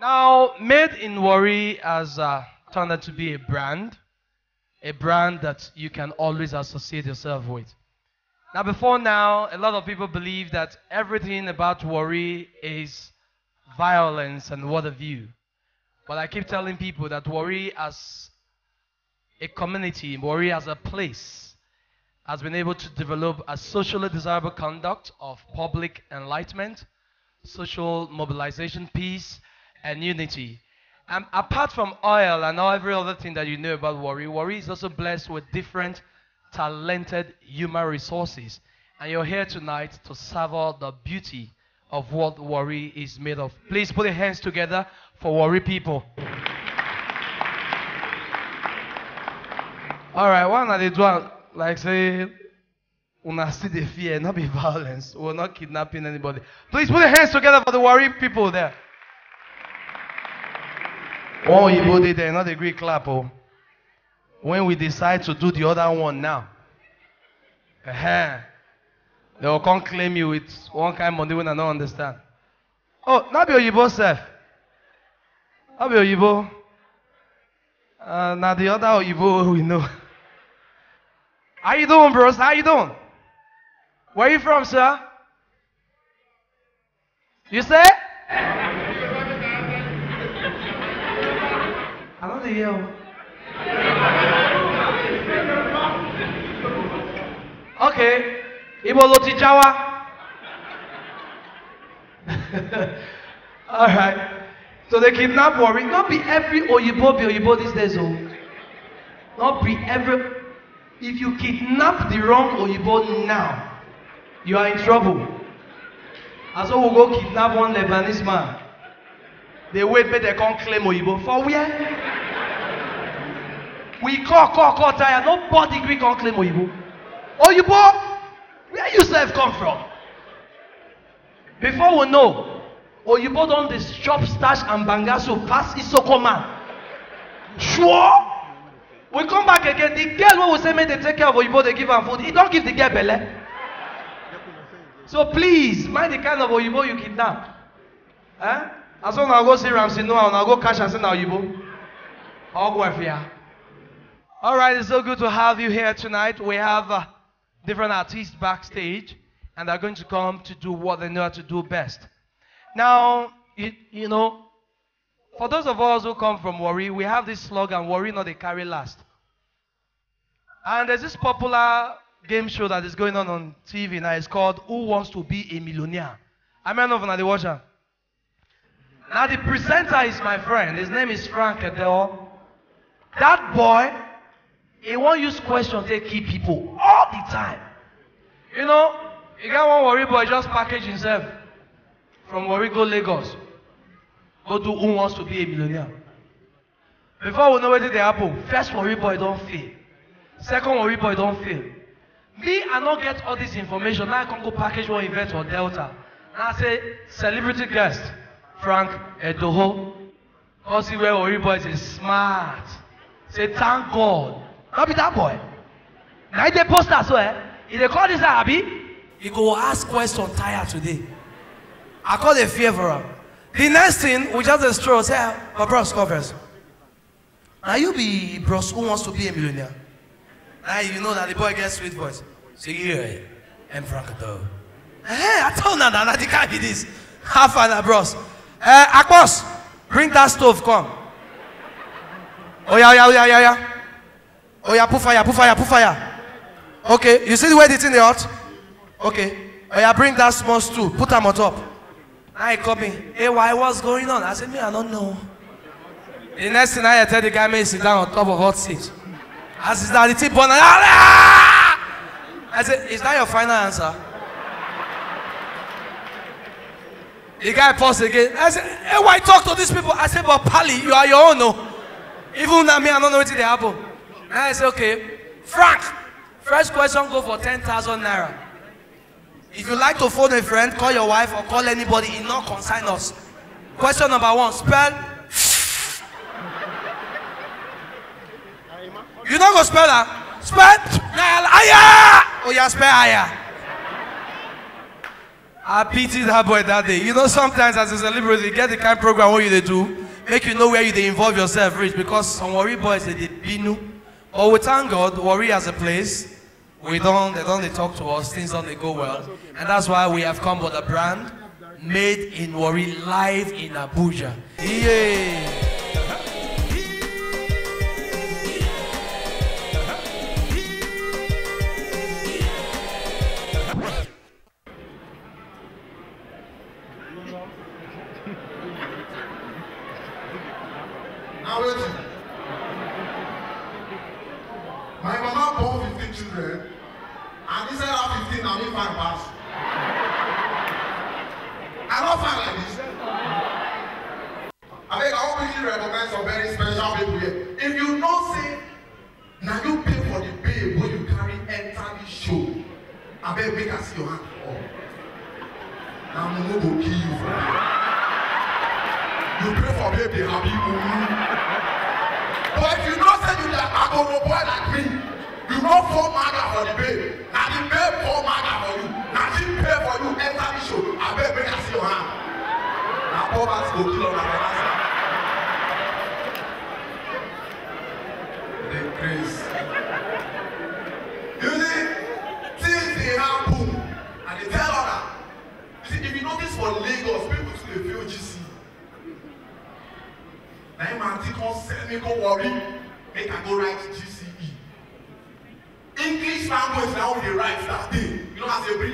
Now, Made in Worry has uh, turned out to be a brand, a brand that you can always associate yourself with. Now, before now, a lot of people believe that everything about worry is violence and what have you. But I keep telling people that worry as a community, worry as a place, has been able to develop a socially desirable conduct of public enlightenment social mobilization, peace, and unity. Um, apart from oil and every other thing that you know about Wari, Wari is also blessed with different talented human resources. And you're here tonight to savor the beauty of what Wari is made of. Please put your hands together for Wari people. All right, one of the time, like say when I see the fear, not be violence. We're not kidnapping anybody. Please put your hands together for the worried people there. Oh, Igbo did there, not a great clap. Oh. When we decide to do the other one now, uh-huh, they will come claim you with one kind of money when I don't understand. Oh, not be Oyibo, self. Not be Oyibo. Uh, now the other Oyibo we know. How you doing, bros? How you doing? Where are you from, sir? You say? I don't hear. Okay. Ibo Loti Jawa. All right. So they kidnap worry. Not be every Oyibo be Oyibo these days, oh. Not be every. If you kidnap the wrong Oyibo now, you are in trouble. And so we go kidnap one Lebanese man. They wait make they can't claim Oyibo. For where? we call, call, call tire. Nobody we come claim Oyibo. Oyibo, where you self come from? Before we know, Oyibo don dey chop starch and banga soup pass Isoko man. Sure? We come back again. The girl wey we say make they take care of Oyibo They give am food. He don't give the girl belle. So please, mind the kind of Oyibo you kidnap. Eh? As long as I go see Ramsey Noah, and I go cash and say now Oyibo. Ogwafia. All right, it's so good to have you here tonight. We have uh, different artists backstage, and they're going to come to do what they know how to do best. Now, you, you know, for those of us who come from Worry, we have this slogan, Worry not they carry last. And there's this popular game show that is going on on TV now. It's called Who Wants to Be a Millionaire? I mean, of the watcher. Now the presenter is my friend. His name is Frank Adele. That boy, he won't use questions to keep people all the time. You know, you got one worry boy just package himself from worry go Lagos. Go to who wants to be a millionaire. Before we know where did happen, first worry boy don't fail. Second worry boy don't fail. me i no get all this information now i come go package one event for delta now say celebrity guest frank edoho come see where ori boy say smart say thank god no be that boy na he dey post am so eh he dey call this guy abi he go ask question tire today i call dey fear for am the next thing we just dey stroll say ah but bros come first na you be bros who wants to be a millionaire Now you know that the boy gets sweet voice. So yeah, I'm Franco Hey, I told Nana, that it can't be this. Half an ah, bros. Uh, eh, Akos, ah, bring that stove, come. Oh yeah, oh, yeah, oh, yeah, yeah, oh, yeah. Oh yeah, put fire, put fire, put fire. Okay, you see the way it's in the hot? Okay. Oh yeah, bring that small stool, put them on top. I he called me. Hey, why what's going on? I said, me, I don't know. The next thing I tell the guy, me sit down on top of hot seat. As is that it born? I said, is that your final answer? The guy paused again. I said, hey, why talk to these people? I said, but Pali, you are your own, no? Oh. Even now, me, I don't know what they happen. And I said, okay, Frank, first question go for 10,000 naira. If you like to phone a friend, call your wife or call anybody, it not concern us. Question number one, spell You don't go spell that. Spell higher. Oh yeah, spell higher. I pity that boy that day. You know, sometimes as a celebrity, get the kind of program what you they do, make you know where you they involve yourself, rich, because some worry boys they did binu. But we thank God, worry as a place. We don't they don't they talk to us, things don't they go well. And that's why we have come with a brand made in worry live in Abuja. Yay!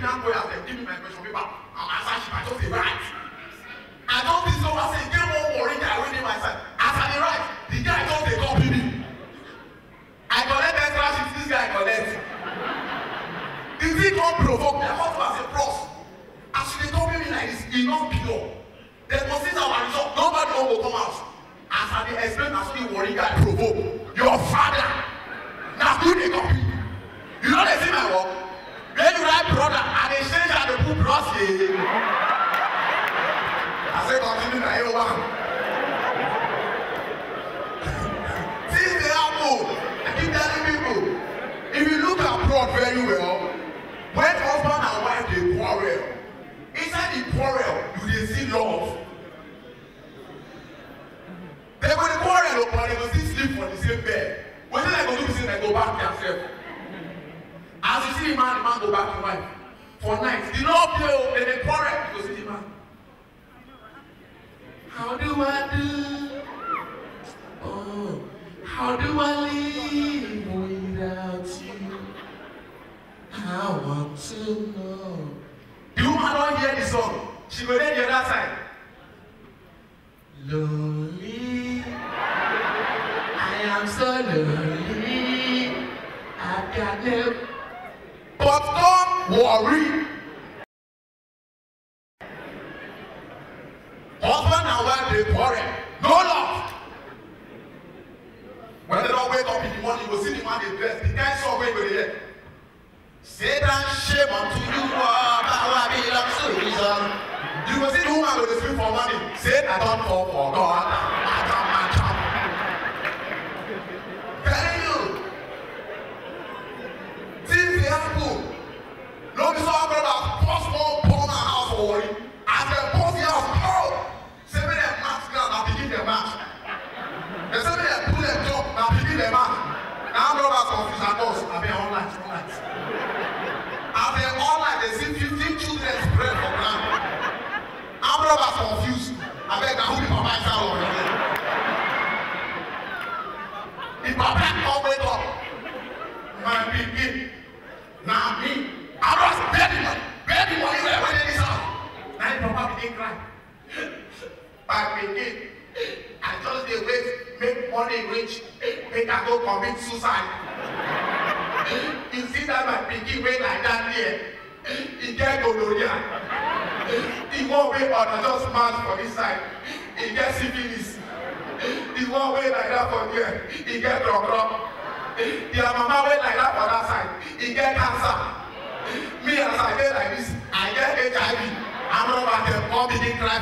now go and say, give me my question paper. I'm asking, I just say, right. I don't think so. I say, get one worry that I will do myself. As I right, the guy just they copy me. I collect extra shit, this guy collect. the thing come provoke me. I want to say, bros, as come copy me like this, e no pure. Then go see our result. Nobody will come out. As I dey explain, as the worry guy provoke, your father, na who dey copy. You know they see my work? Then you write brother and they change that they put plus A. I say continue na A one. Since they are old, I keep telling people, if you look at abroad very well, when husband and wife dey quarrel, inside the quarrel you dey see love. They go dey quarrel o, but they go still sleep for the same bed. Wetin I go do be say I go back their self as you see the man the man go back to wife for night the law play o oh, they dey quarrel you go see the man how do i do oh how do i live without you i want to know. the woman don hear the song she go dey the other side. lonely i am so lonely i got no. But don't worry. Husband and wife they quarrel. No love. When they don't wake up in the morning, you will see the man they dress. The guy song wey you go Satan shame unto you, all power belongs to Jesus. You will see the woman go dey scream for money. Satan I for God. lóbi sọ wọn bẹ̀rẹ̀ bá pọ́s mọ́ pọ́n máa hàn fún wọ́n yìí àti pọ́s yà pọ́ọ̀ sẹ́mi dẹ̀ max glass na begin dẹ̀ max sẹ́mi dẹ̀ pull dẹ̀ jump na begin dẹ̀ max na bẹ̀rẹ̀ bá confuse and us abẹ́ online online abẹ́ online dey see fifteen children spread for ground na bẹ̀rẹ̀ bá confuse. somebody reach peter go commit suicide you see that my pikin wey like that there He get gonorrhea He the one wey the just man for this side. He get syphilis He one wey like that for there He get drunk drunk. Your mama wey like that for that side He get cancer me as i dey like this i get hiv I'm not about to come begin cry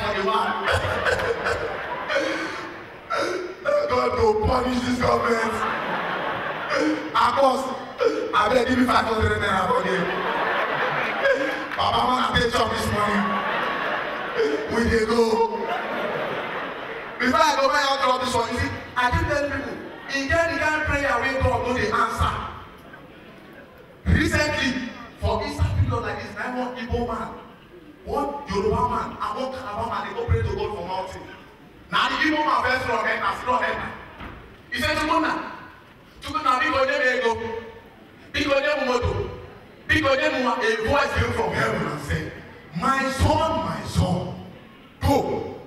for the man. God to punish this government. Akos, I beg give me 500 naira for them. Papa man, I take chop this morning. We dey go. Before I go, my out of this one, you see, I keep telling people, e get the kind prayer wey God no the answer. Recently, for inside period like this, I want Igbo man, one Yoruba man, and one Calabar man dey go pray to God for mountain na ndị igbo ma fee sụrụ ọhịa na sụrụ ọhịa ise chukwu na chukwu na biko nye m ego biko nye m moto biko nye m nwa a voice came from heaven and said my son my son go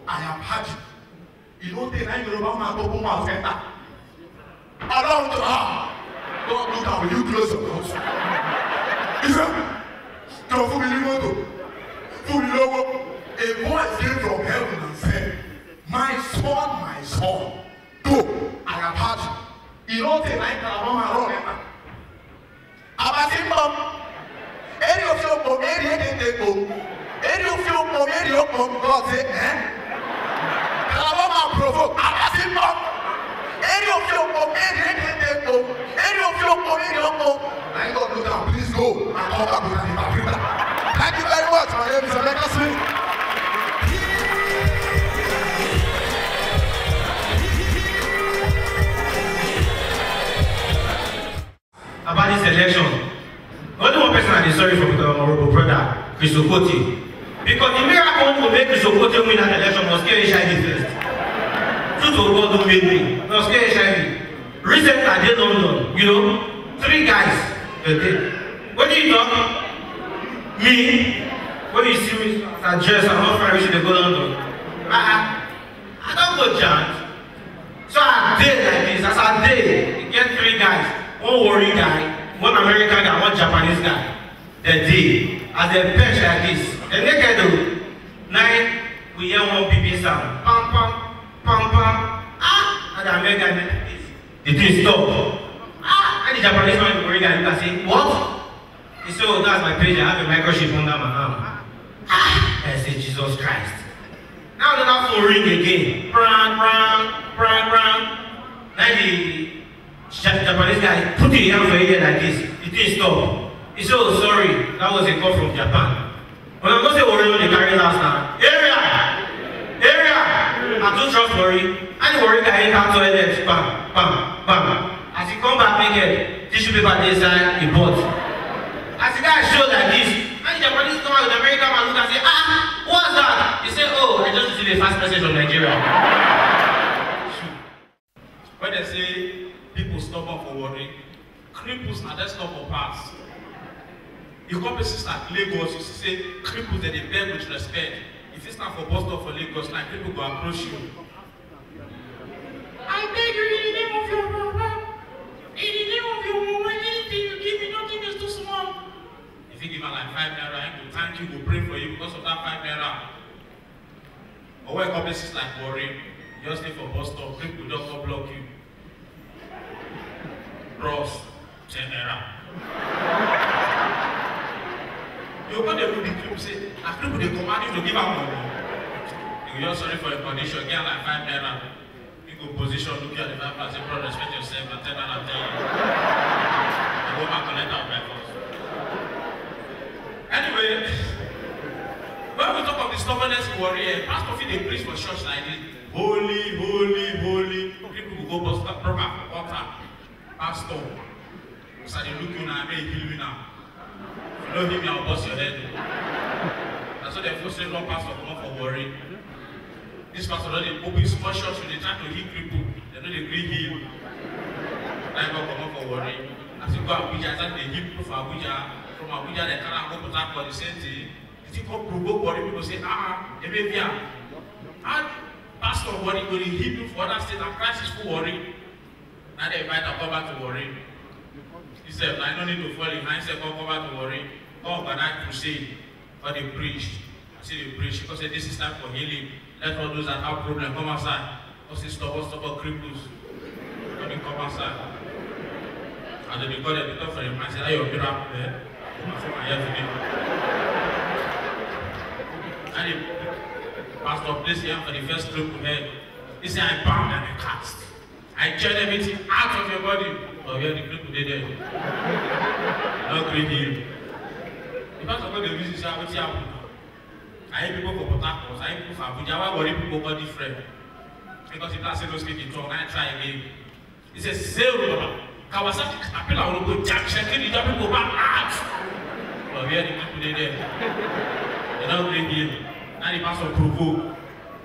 i am happy you know tey na yoruba man go put mouth enter along to her god look am you close your mouth ife jọ fún mi ní mọ́tò fún mi lọ́wọ́ a voice came from heaven and said. My son, my son, go. I have had you. You don't think I can run my own man. Abasi ń bọ̀. Eri ofi okpo, eri ekete ekpo. Eri ofi okpo, eri okpo God say ẹ́. Kalawo ma provoke. Abasi ń Eri ofi okpo, eri ekete ekpo. Eri ofi okpo, eri okpo. Na yín gbọ́dọ̀ lóta, please go and come back with an interpreter. Thank you very much, my name is Emeka Smith. about this election. Only one person I dey sorry for my honorable brother, Chris Okotie. Because the miracle to make Chris Okotie win that election was kill HIV first. Two to God who made me, was kill HIV. Recently, I did London, you know, three guys were there. What do you know? Me, when you see me as a dress, I'm not fine, we should go London. I, I, I don't go chance. So I did like this, as I did, you get three guys one warrior guy, one American guy, one Japanese guy. The day, as they perch like this, the get do. night we hear one BB sound. Pam, pam, pam, pam. Ah! And the American guy, the thing stop. Ah! And the Japanese man, the guy, look and say, what? He say oh, that's my pager. I have a microchip under my arm. Ah! I said, Jesus Christ. Now the phone ring again. Brang, brang, brang, brang. Now the Japanese guy put his hand for your ear like this. he didn't stop. He said, oh, sorry, that was a call from Japan. When I'm going to say Orion, oh, they carry last now. Area! Area! I don't trust Mori. And worry guy ain't out to LX. Bam, bam, bam. As he come back naked, tissue paper inside, he bought. As the guy showed like this, and the Japanese come out with American man look and say, ah, what's that? He said, oh, I just received a fast message from Nigeria. when they say, people stubborn for worry cripples now. na stop for pass you come be sister lagos you see say cripples dem dey beg with respect if it's not for bus stop for lagos na people go approach you. i beg you in the name of your baba in the name of your mama anything you give me nothing is too small. if you give am like five naira i will thank you go pray for you because of that five naira or when come be like worry just stay for bus stop cripple don come block you cross general. Yorùbá dey do the film say people dey command you to give am money. You just sorry for your condition, get like five naira. You go position, look at the five and say, bro, respect yourself, but ten naira tell you. I go back collect am by force. Anyway, when we talk of the stubbornness warrior, pastor fit dey preach for church like this, holy, holy, holy, people go go bust proper for water. Pastor, Store. Because I look you now, I may kill you now. If you don't him, me, I'll bust your head. That's what the first said, one pastor, come on, for worry. This pastor already they open small shops, so they try to heal people. They know they agree heal. Now you come for worry. As you go Abuja, I they heal people from Abuja. From Abuja, they can't go to that for the same thing. If you come provoke worry, people say, ah, they may be a. And pastor worry, when he heal you for that state, and crisis for worry na dey invite am cover to worry. he sef na no need to follow him na him come cover to worry. come organize crusade for the preach as he dey preach because say this is time for healing let all those that have problem come outside because say Stop. stubborn cripples no dey come outside as dem dey call dem dey talk for him mind say how your miracle dey na so my hair today and the pastor place him for the first group head he say i bound and i cast. I churned everything out of your body. But oh, where the people dey there? No green hill. The pastor go the visit say wetin happen na. I hear people for Port I hear people for Abuja, why worry people go different? Because if that say no skin in tongue, I try again. He say, Zero Baba, Kawasaki Caterpillar will go jack shaking the job people back out. But where the people dey there? They no green hill. Now the pastor provoke.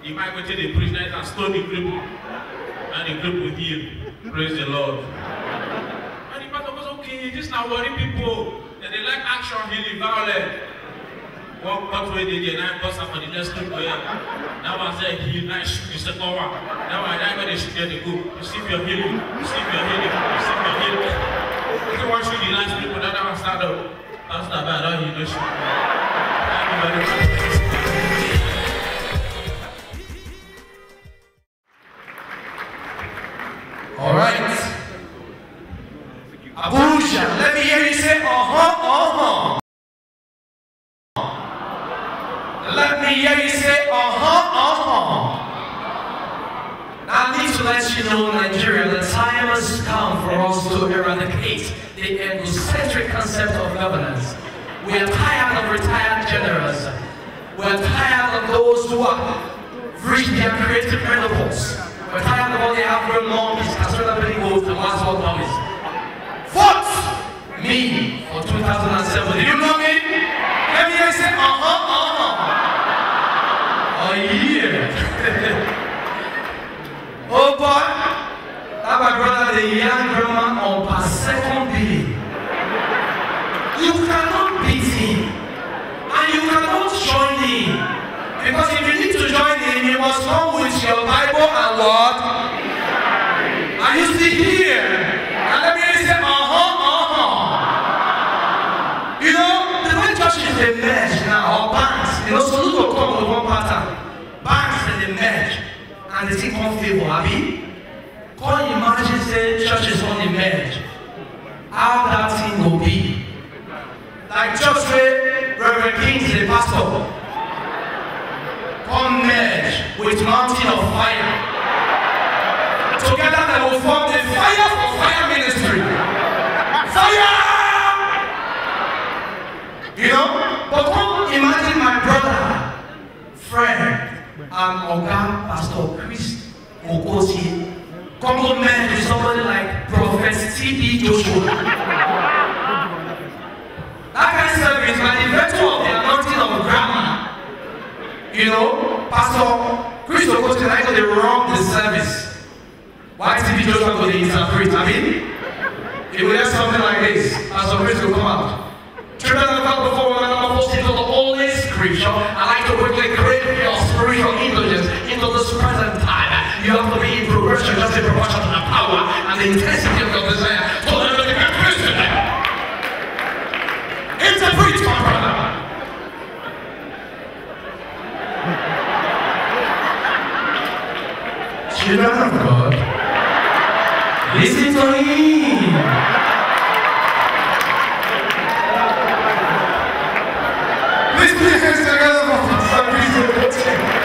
If I go take the preach, now it's a stony cripple and he agreed with you. Praise the Lord. and the pastor goes, okay, this now worry people. And they like action, healing, violent. What what way they get nine bus after the next group where that one said he nine shoot the second one. That one that when they shoot there they go. Receive your healing, receive your healing, receive your healing. If you want shoot the last people, that one stand up. Pastor, but I don't hear no shoot. Thank you very much. Come merge with mountain of fire. Together they will form the fire for fire ministry. Fire! You know? But come imagine my brother, friend, and organ Pastor Chris Okosi compliment to somebody like Prophet T.D. Joshua. that kind of service, my the of of grammar. You know, Pastor Crystal Coach and I got the wrong the service. Why did he just go to the interpret? I mean, it would have something like this. Pastor will come out. Turn Children of God before I'm posted to the Holy Scripture. I like to quickly create your spiritual intelligence into this present time. You have to be in progression, just in proportion to the power and the intensity of your desire. So that you can Interpret my This of God, listen to him. Please put your hands together for Pastor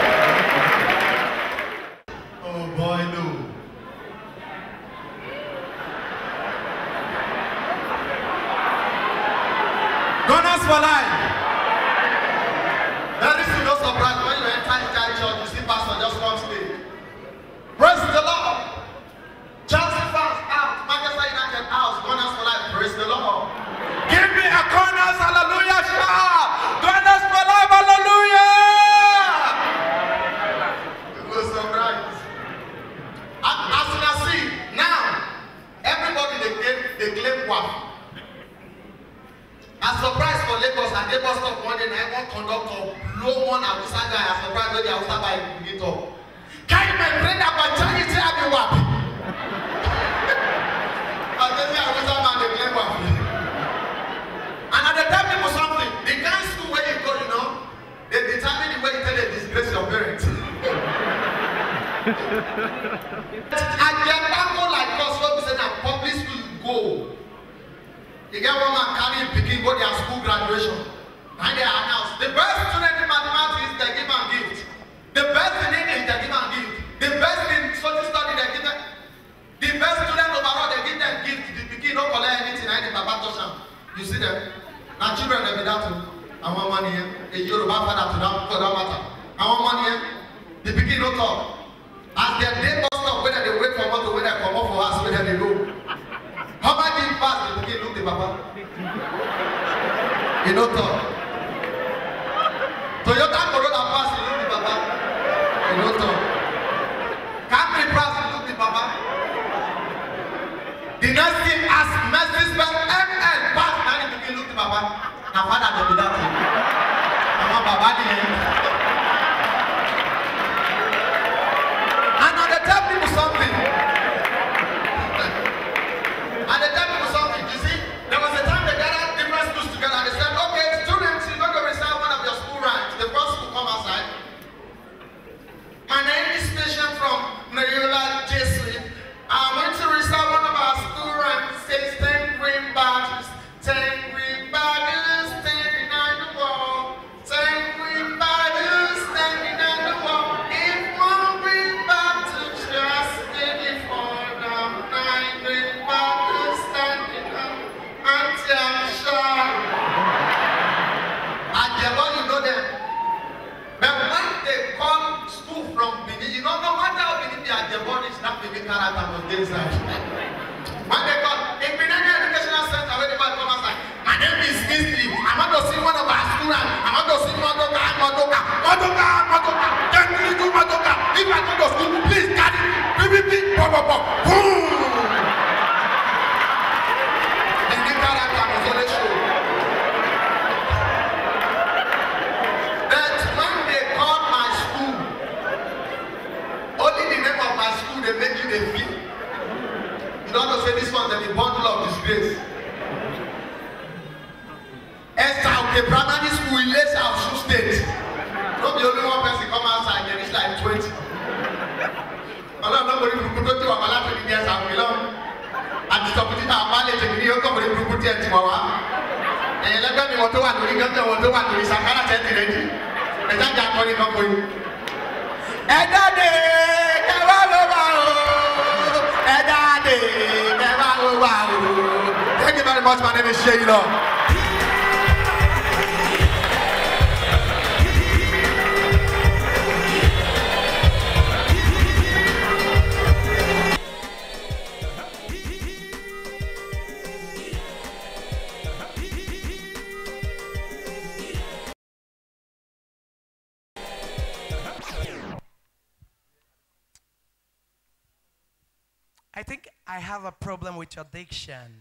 I have a problem with addiction.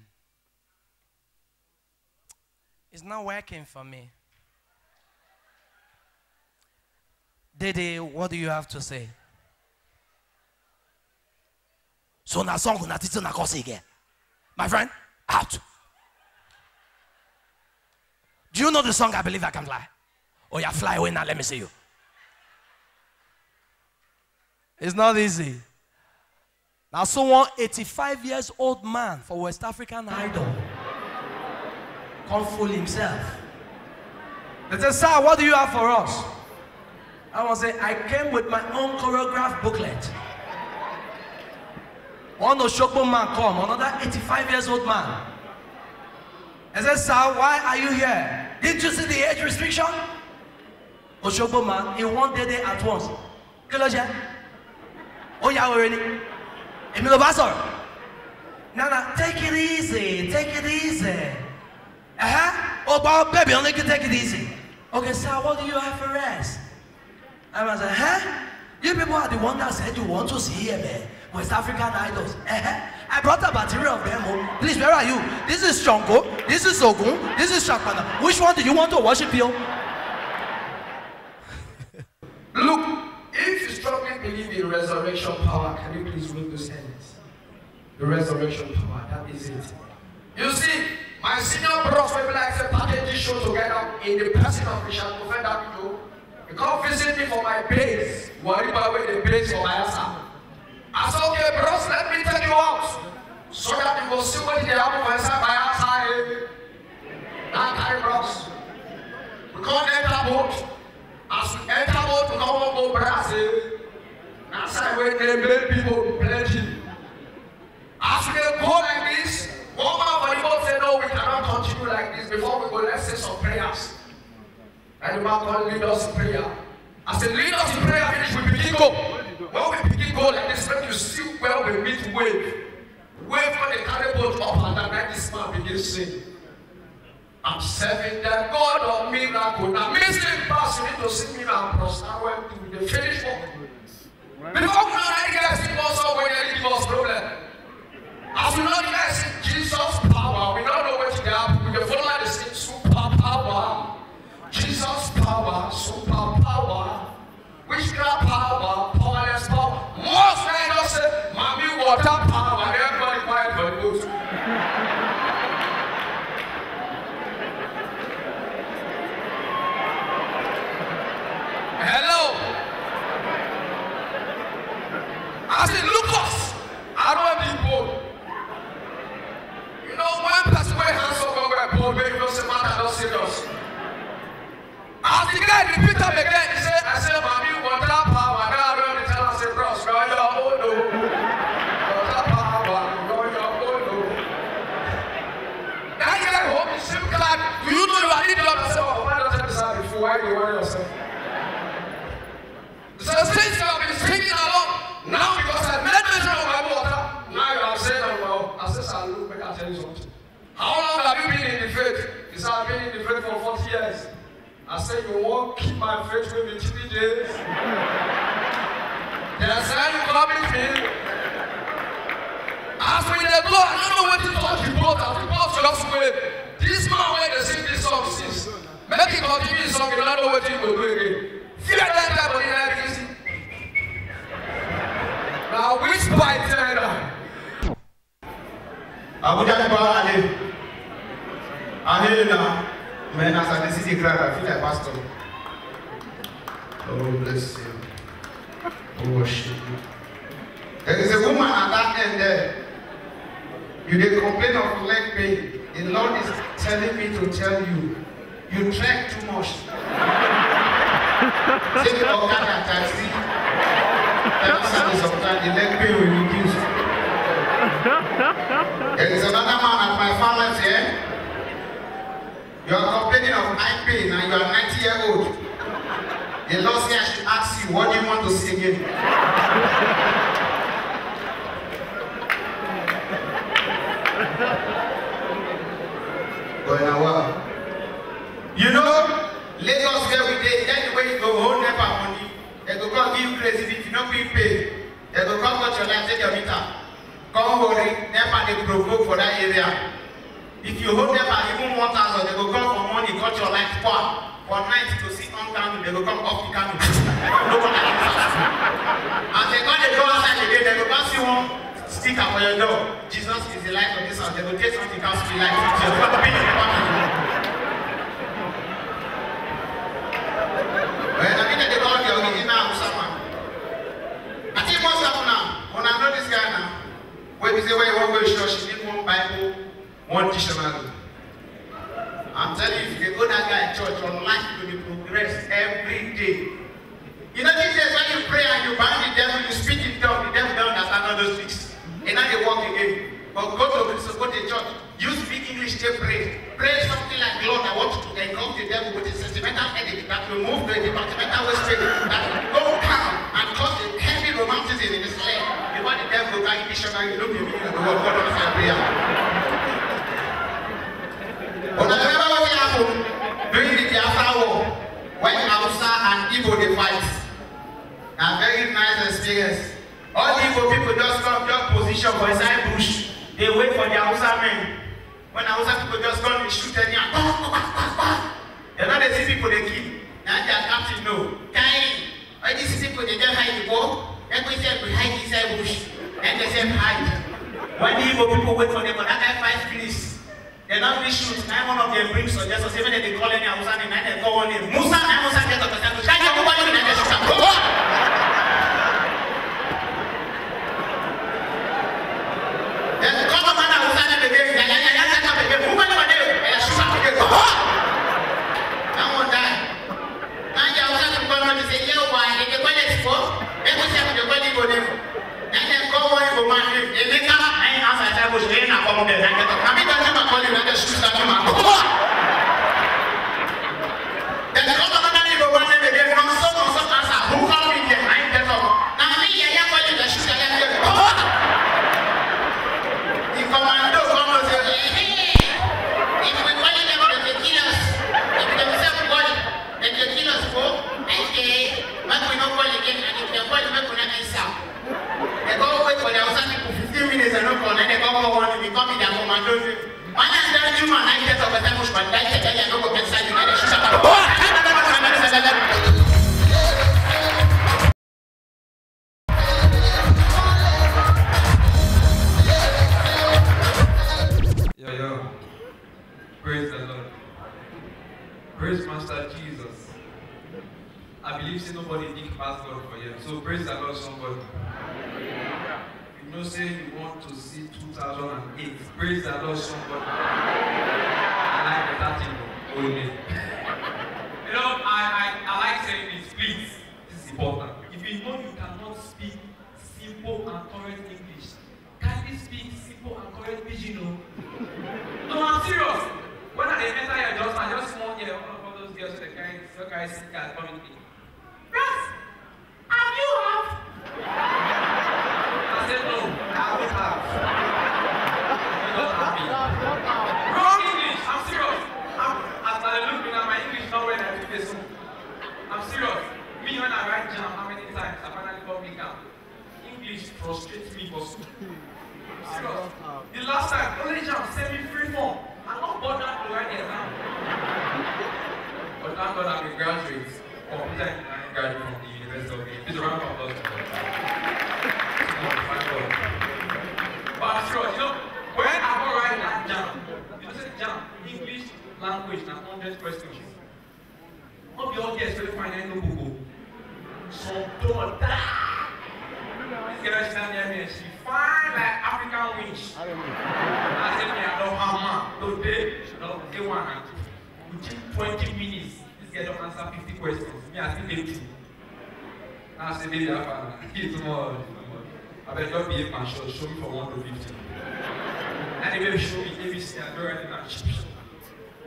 It's not working for me. Dede, what do you have to say? So na song na titi na kosi again. My friend, out. Do you know the song I believe I can fly? Oh yeah, fly away now, let me see you. It's not easy. Now, someone, one 85 years old man for west african idol come fool himself they say sir what do you have for us i wan say i came with my own choreograph booklet one oshogbo man come another 85 years old man i say sir why are you here didn't you see the age restriction oshogbo man he wan dey there at once kí ló ṣe ó yà wẹrẹ ni èmi ló bá nana take it easy take it easy ẹ̀hẹ́ Oh gbọ́ baby, only can take it easy okay sir what do you have for rest I was like huh you people are the one that said you want to see here eh? man West African idols ẹ̀hẹ́ I brought about three of them home please where are you this is Ṣàngó this is Ògún this is Ṣàpànà which one do you want to worship yo. look believe in resurrection power, can you please read those hands? The resurrection power, that is it. You see, my senior brother, I be like a this show together in the person of Richard Prophet Davido. You come visit me for my place, Worry about where the base for my answer. I said, okay, bros, let me take you out. So that you will see what they have for inside my outside. That time, bros. We can't enter boat. As we enter boat, we can't go brass. Now, somewhere they make people plenty. As they go like this, one man volleyball said, No, we cannot continue like this. Before we go, let's say some prayers. And the man called lead us in prayer. I said, Lead us in prayer, finish, we begin go. When we begin go like this, when you see where we meet wave, wave when the carry boat up and down, then this man begins sing. I'm serving the God of miracle. Now, missing pass, you need to see me now, prostrate I went to the finished work. Men folk har ikke deres people, so where their people's problem. As we know there's Jesus' power, we don't know what to do. up. We can follow the same super power. Jesus' power, super power, witchcraft power, powerless power. Most men just say, Mommy, water power. Everybody quiet for the I said, Lucas, I don't have to be bold. You know, when person wear hands up and wear bold, You don't say, man, I don't serious. As the guy repeated again, he said, said, you won't keep my faith with me TV days. They are saying you coming to me? As we they go, I don't know what to talk about. I think Paul just wait. This man where they sing this song since. Make him continue his song, you don't know what he will do again. Feel that type of energy. Now which bite tender? Abuja ni bala ale. Ale na. Man, as I listen to crowd, I feel like pastor. Oh, bless you. Oh, worship you. There is a woman at that end there. You dey complain of leg pain. The Lord is telling me to tell you, you trek too much. Take the Okada taxi. That is sometimes the leg pain will reduce. You are complaining of high pain and you are ninety year old. The Lord says I should ask you, what do you want to see again? but in a while. You know, Lagos where we dey, anyway, you go hold NEPA money. They go come give you crazy if you no quick pay. They go come touch your life, take your meter. Come worry, NEPA dey provoke for that area. If you hold them by even one thousand, they will come for money, cut your life poor. For night to see on canoe, they will come off the candle. no one that. As they go, they go outside again, they will pass you one sticker for your door. Jesus is the light of this house. They will take something else to be light. Just put it in the pocket. Well, I mean, I think what's up now, know this guy now, where we say, where you go to church, you need one Bible. One dictionary. I'm telling you, if you go that guy in church, your life will be progressed every day. You know these days when you pray and you bind the devil, you speak in tongues, the devil down understand all those things. And now they walk again. But go to so go to church. You speak English, they pray. Pray something like Lord, I want you to engulf the devil with a sentimental headache that will move the departmental waste that will go down and cause a heavy romanticism in his life. You want the devil to in missionary, look at me and the word God of prayer during the Biafra war when Hausa and Igbo fight. Na very nice experience. All the people just come just position for bush dey wait for the Hausa men. When Hausa people just come dey shoot any and bam bam bam people dey kill. Na their captain know. Kai, all these people just hide the ball. Dem go say hide inside bush. Dem dey say hide. When the people wait for them for that guy fight finish. They now reach shoot. Nine one of them Just as Even if they call any Hausa name, nine they call one name. Musa Guys, yeah, graduate from the University of Please round of applause for I'm you I say English language, Not be all guests, I know Google. Some stand and fine like African I said, me, I Today, one and 20 minutes get up answer 50 questions. Me, I still make two. Now, say, maybe that one. He's tomorrow. I better not behave my show. Show me from 1 to 50. And they will show me every ABC and American and Egyptian.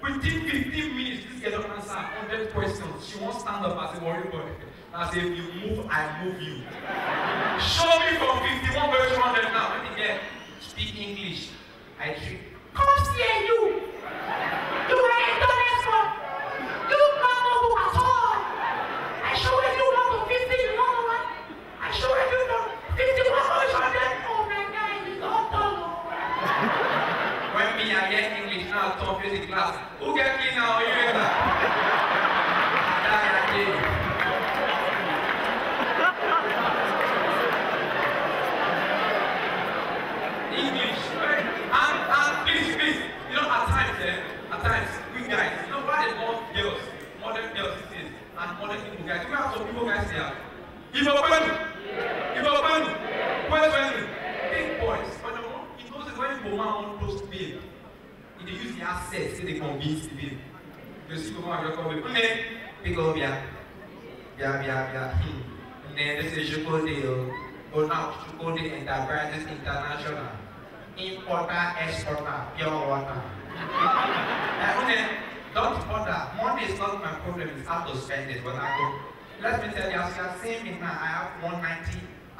Within 15 minutes, this girl do answer 100 questions. She won't stand up as a worry boy. I say, if you move, I move you. show me from 51 verse 100 now. Let me get speak English. I say, Come see you. You are a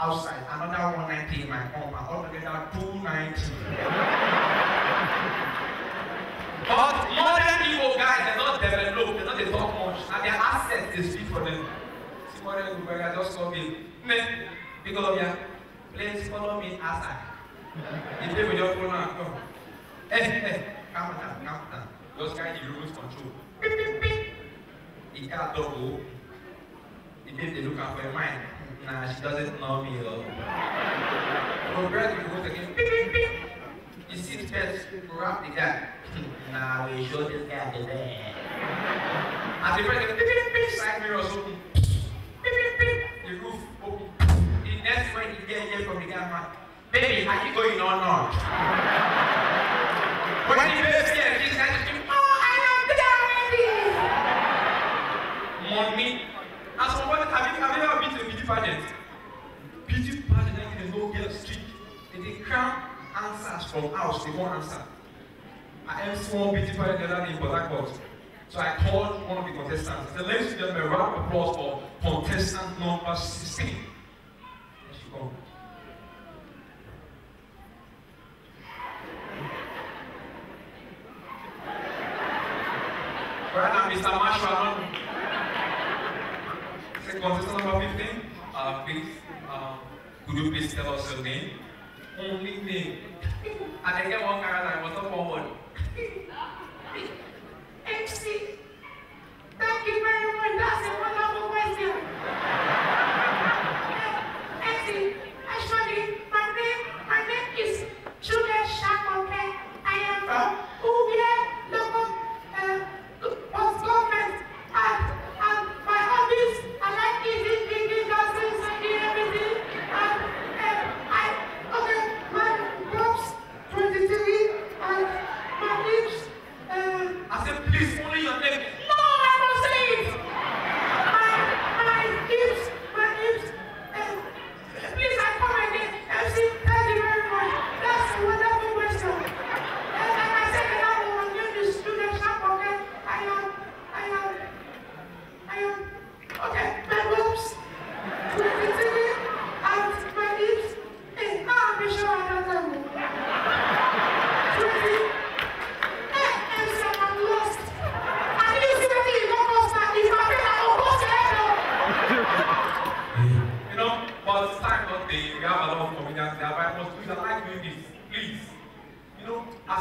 outside, down 190 in my home, get down 290. but modern Igbo guys They're not developed, they're not they talk much, and their assets they speak for them. See, modern Igbo guys just come in, man, big of ya, please follow me outside. If they will just go now, come. Hey, eh, eh, hey, calm down, calm down. Those guys the remote control. Beep, beep, beep. It can't double. Oh. It means they look out for your mind. Nah, she doesn't know me though. Progressively, once again, beep, You see the pets grab the guy. nah, we show this guy the bed. As the first beep, beep, beep, side mirrors open. Beep, beep, beep, the roof open. The next one, you get here from the guy, man. Baby, are you going on or? when the baby scared, she's like, oh, I am the daddy. Mommy. And somebody, have you, have you ever been to a beauty pageant? Beauty pageant, like there's no girl street. They, they cram answers from house, they won't answer. I am small beauty pageant the other day in Port Harcourt. So I called one of the contestants. I said, ladies and gentlemen, round of applause for contestant number 16. And she called. you please tell us your name? Oh, nickname. I can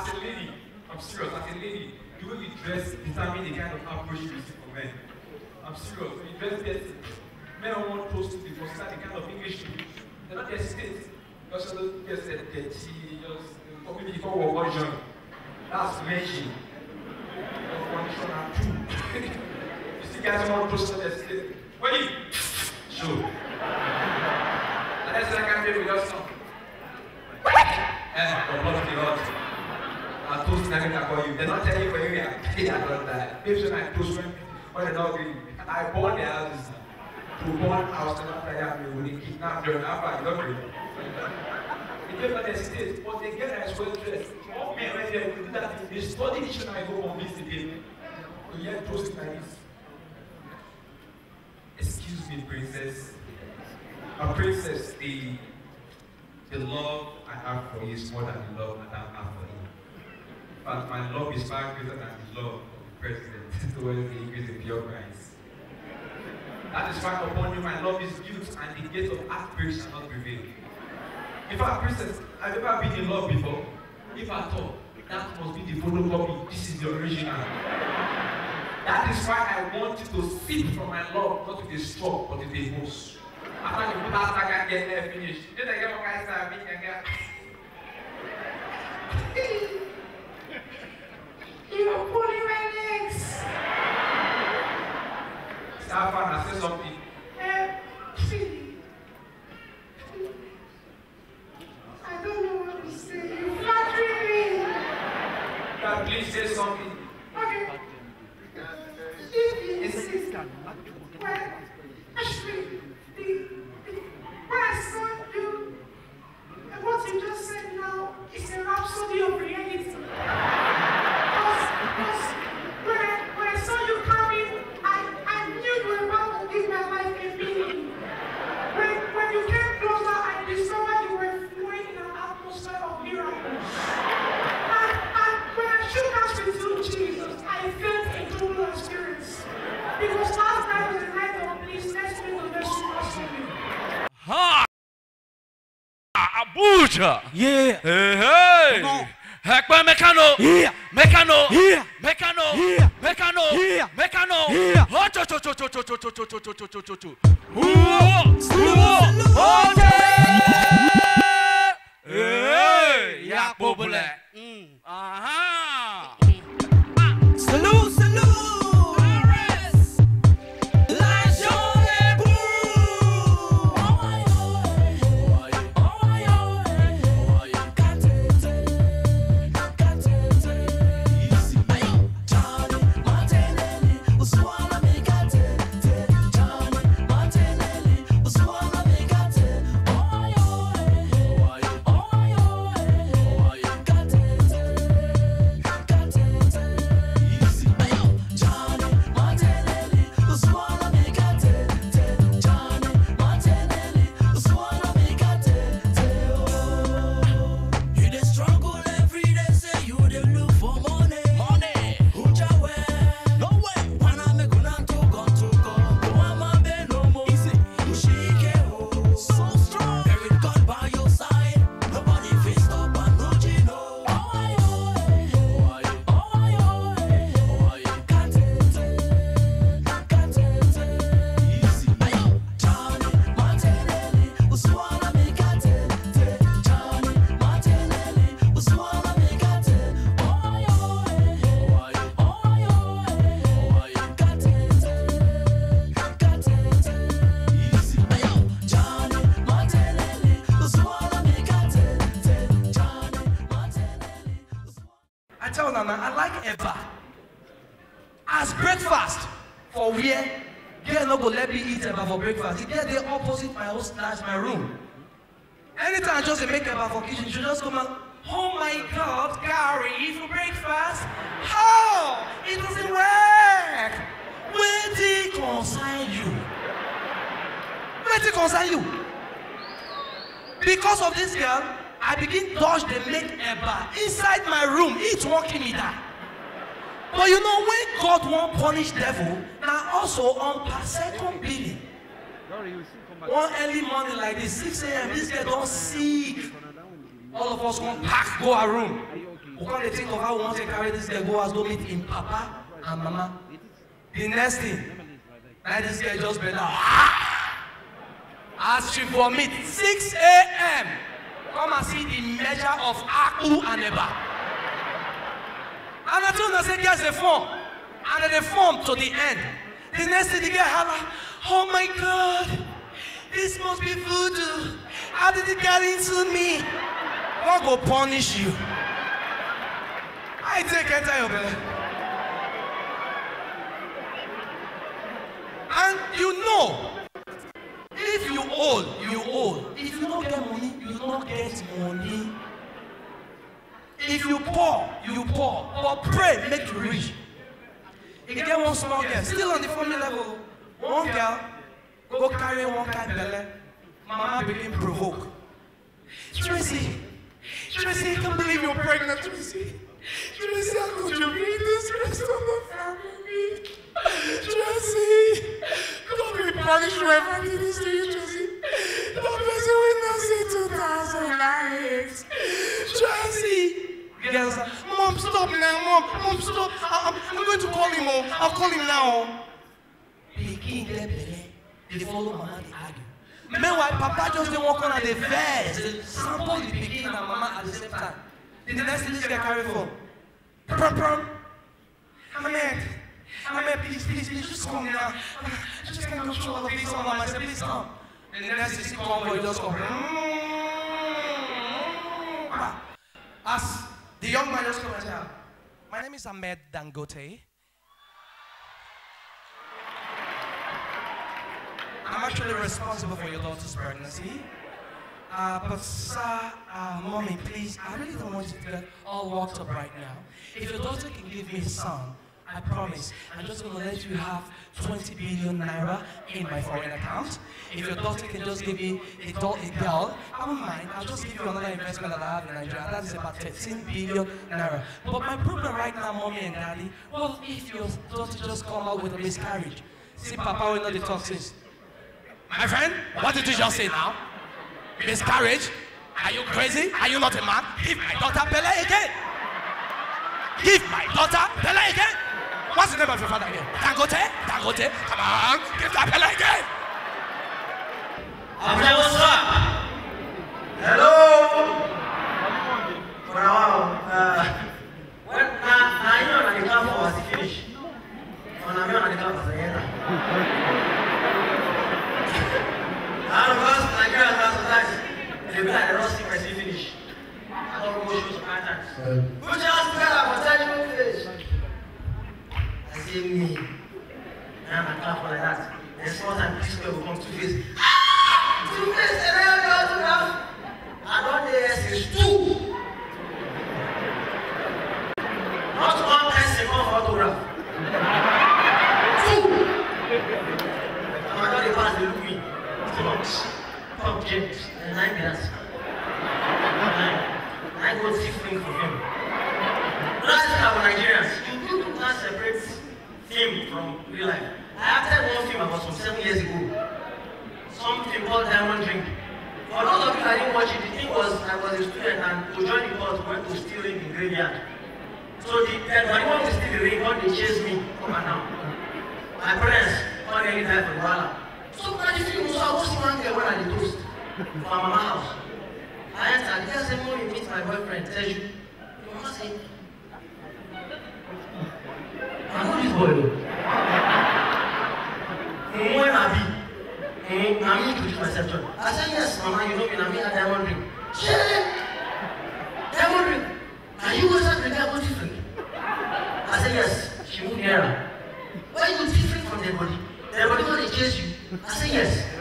as a lady, I'm serious, as a lady, the way you dress determines the kind of approach you receive from men. I'm serious, when you dress dirty, men don't want close to because that's the kind of English you They're not their state. Just just dirty, just or maybe if I were one joint. That's mention. Conditioner two. you see guys want close to their state. Wait! show? That's like I can do without some. Eh, but not the and toast nothing about you. They're not telling you for you, yeah, I don't die. Maybe some like toast when they're not green. I bought their houses. To burn house, not prayer, me, when they kidnap them, I'm not green. They pay for their states, but they get as well dressed. All men right there will do that. They study dictionary, go convince the people. So yeah, toast Excuse me, princess. A princess, the, the love I have for you is more than the love I have but my love is far greater than the love of the president towards the increase in pure Christ. That is why upon you my love is built and the gates of earthquake shall not prevail. If fact, princess, have you ever been in love before? If at all, that must be the photocopy. This is the original. that is why I want you to sip from my love, not with a straw, but with a hose. After you put out that guy, get there, finish. Then I get one guy, I mean, I get. You are pulling my legs. Staff, I say something. moja yeah. hey, hey. Come hekwe mekano yeah. mekano yeah. mekano yeah. mekano yeah. mekano yeah. oh, cho, cho, cho, cho, cho, cho, cho, cho, cho, cho, cho, cho. Uo, uo, ote. Hey, yakbo bule. Mm. Aha. Go Ecowas go meet him papa and mama the next thing na this girl just bend down ah! as she meet six a.m. come and see the measure of akpu and eba and i tell una say girls dey form and dem dey form to the end the next thing the girl hala oh my god this must be voodoo how did it get into me god go punish you. I take enter your belly. And you know, if you owe, you owe. If you no get money, you no get money. If you poor, you poor. But pray make you rich. You e get one small girl, still on the family level. One girl go carry one kind belle. Mama begin provoke. Tracy, Tracy, I can't believe you're pregnant, Tracy. Jurassico de brindes, Cristo no family. Jurassic, copy punish revenue Jurassic. Professor Wednesday 2008. Jurassic. Girls, mom, stop now, mom, mom, stop. I'm, I'm going to call him, mom. I'll call him now. Begin the belly. They follow mama, they argue. Meanwhile, papa just didn't walk on at the verse. Sample the beginning and mama at the same time. The next thing they carry for. Prom, prom. Ahmed. Ahmed, please, please, please, just come now. I just can't control all of this all by myself. Please come. And the next come convoy just go. Ah. As the young man just come here. Ah, my name is Ahmed Dangote. I'm actually responsible for your daughter's pregnancy. Uh, but sir, uh, mommy, please, I really don't want you to get all worked up right now. If your daughter can give me some, I promise, I'm just gonna let you have 20 billion naira in my foreign account. If your daughter can just give me a doll, a girl, I won't mind. I'll just give you another investment that I have in Nigeria. That is about 13 billion naira. But my problem right now, mommy and daddy, what if your daughter just come out with a miscarriage? See, Papa will know the toxins. My friend, what did you just say now? Miscarriage? Are you crazy? Are you not a man? Give my daughter Pele again. Give my daughter Pele again. What's the name of your father again? Dangote? Dangote? Come on. Give that Bella again. Hello? uh, the they look at the rusty thing as they finish. That all shows patterns. Go to hospital and contact your face. I say me. I am a clap for like that. The small and this girl will come two face. Ah! Two face a real then to autograph. I don't dare since two. Not one person, one photograph. two. I don't pass the look me. Come, come, James dance. I, go see different from him. Last time Nigerians, you people can't separate film from real life. I acted one film about some seven years ago. Something called Diamond Drink. For those of you that didn't watch it, the thing was I was a student and Ojoy Court went to steal stealing the graveyard. So the everyone to steal the ring, but they chased me Come and now, My parents, one any time for brother. So when I see Musa, I was one girl when I did those for our house. I answered, yes, the moment you meet my boyfriend, tell you. Your mama say, I know this boy though. When I be, I'm introduced myself to I said, yes, mama, you know me, I'm in a diamond ring. She diamond ring. Are you West Africa? I go different. I said, yes. She moved here. Why you different from the body? The body want to chase you. I said, yes.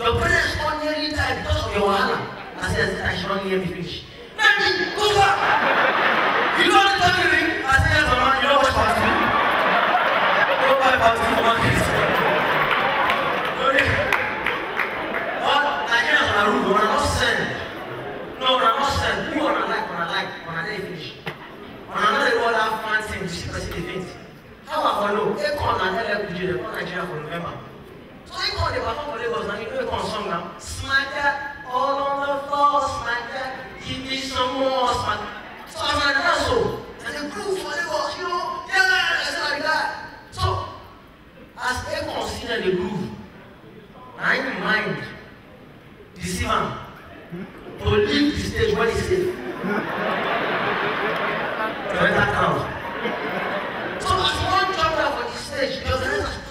Your parents all nearly died because of your wahala. I said, I should not hear me finish. Let me go back. You don't want to tell me I said, yes, man, you don't watch party. Go buy party for one case. All Nigerians on the roof, when I not send. No, I not send. Who on I like, when I like, when I didn't finish. When I know they all have fancy, you see, I see the things. How They call and tell them to do the Nigeria for November. So you know they were from Lagos and you know come from now. Smarter, all on the floor, smack smarter, give me some more smarter. So I'm like, that's so. And the crew for the Lagos, you know, yeah, yeah, yeah, like that. So, as they consider the groove, I mind deceive am to leave the stage when it's safe. Let that count. So as one jump out for the stage, because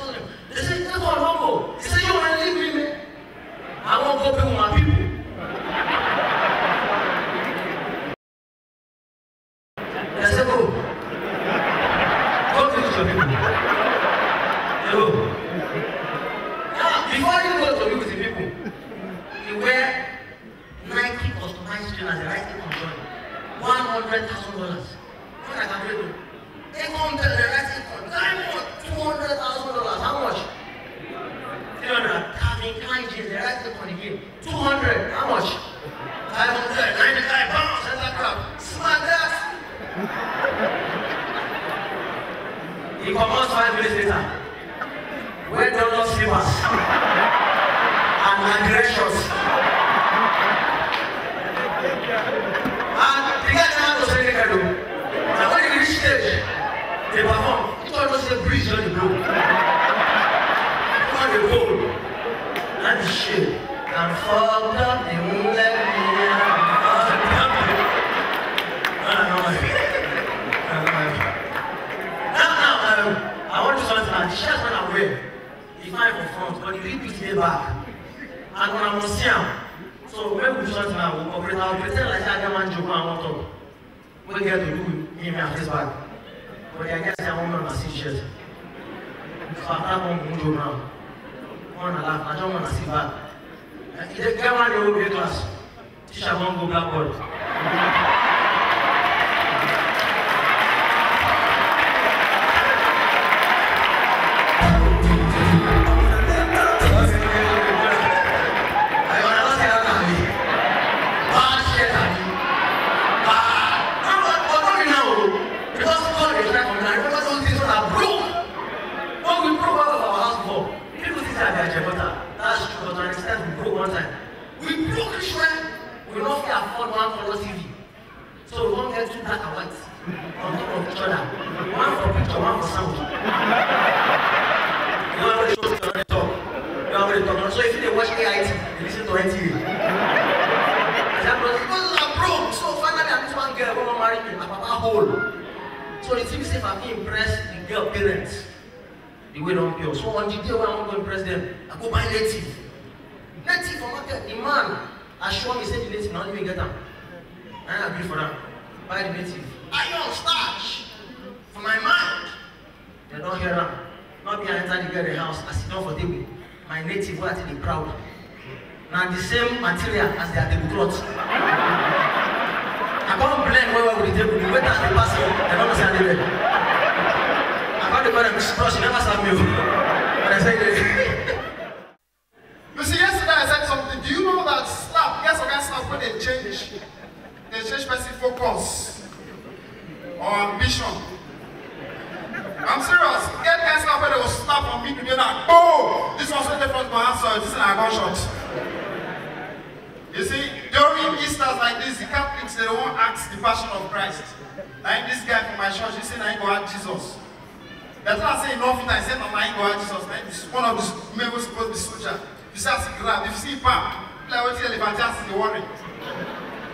because men were supposed to be soldier. You start to grab. If you see palm, like what tell about just the worry.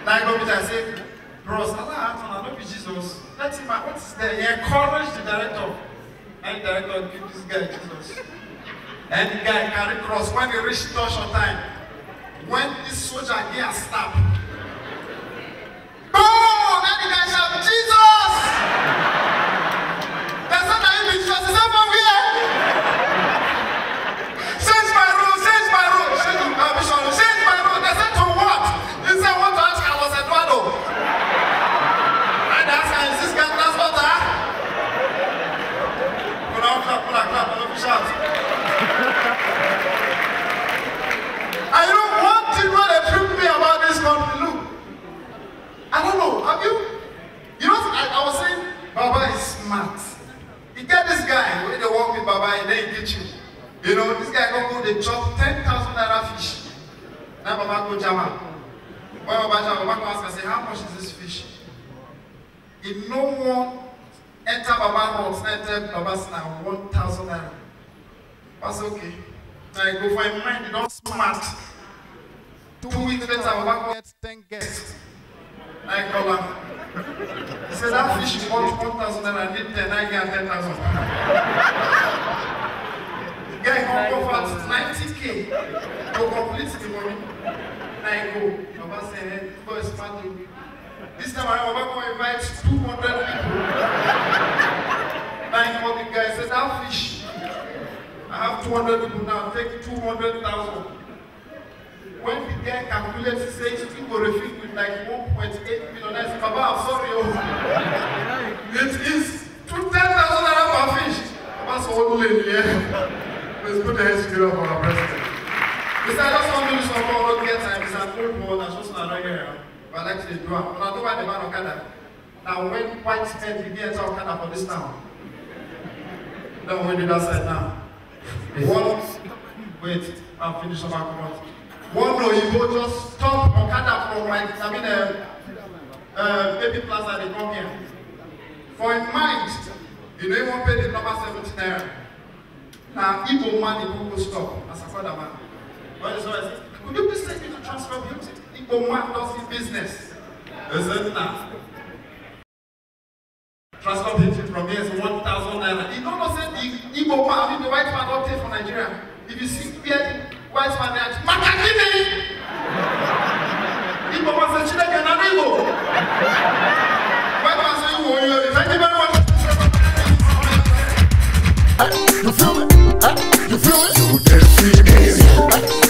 Now you go meet and say, bros, Allah I don't be Jesus. That's my What is there? He encouraged the director. And the director give this guy Jesus. And the guy carry cross. When he reached touch on time, when this soldier here stabbed, boom! And the guy shout, Jesus! That's not that he Jesus. Is that guy, when they walk with Baba and then get you. You know, this guy can go to chop thousand naira fish. Now Baba go jama. When Baba jama, Baba ask and say, how much is this fish? If no one enter Baba house, enter Baba's one thousand naira. That's okay. Now I go for a mind, you don't smart. Two weeks later, Baba get ten guests. I call her. He said, that fish you want 1,000 and I need 10, I get 10,000. the guy come go for 90K to complete the money. Now I go. was said, hey, go is smart you. This time I Baba go invite 200 people. now he called the guy, said, that fish. I have 200 people now, take 200,000. When we then calculate CHT Borefit with like 1.8 million, Baba, I'm sorry. Oh. it is to 10,000 naira per fish. Baba's all in here. Let's put the hands together for our president. Mr. I just want to do some more work here time. Mr. Cool Paul, that's just not right here. But I like to do it. But I know why the man Okada. Now, when white men begin to Okada for this town, don't win that outside now. What? Wait, I'll finish about commodity one oyibo just stop okada from like i mean uh, baby uh, plaza dey come here for im mind you know he wan pay the normal seventy naira na igbo man dey go go stop as that man but he say could you please take me to transfer beauty igbo man don see business he say na transfer beauty from here is one thousand naira he no know say the igbo man i mean the white man don take for nigeria if you see where the wise man ya maka gịnị igbo masị chineke na ndị wise man sị iwu onye ori thank you very much You feel it? You feel it? You feel it?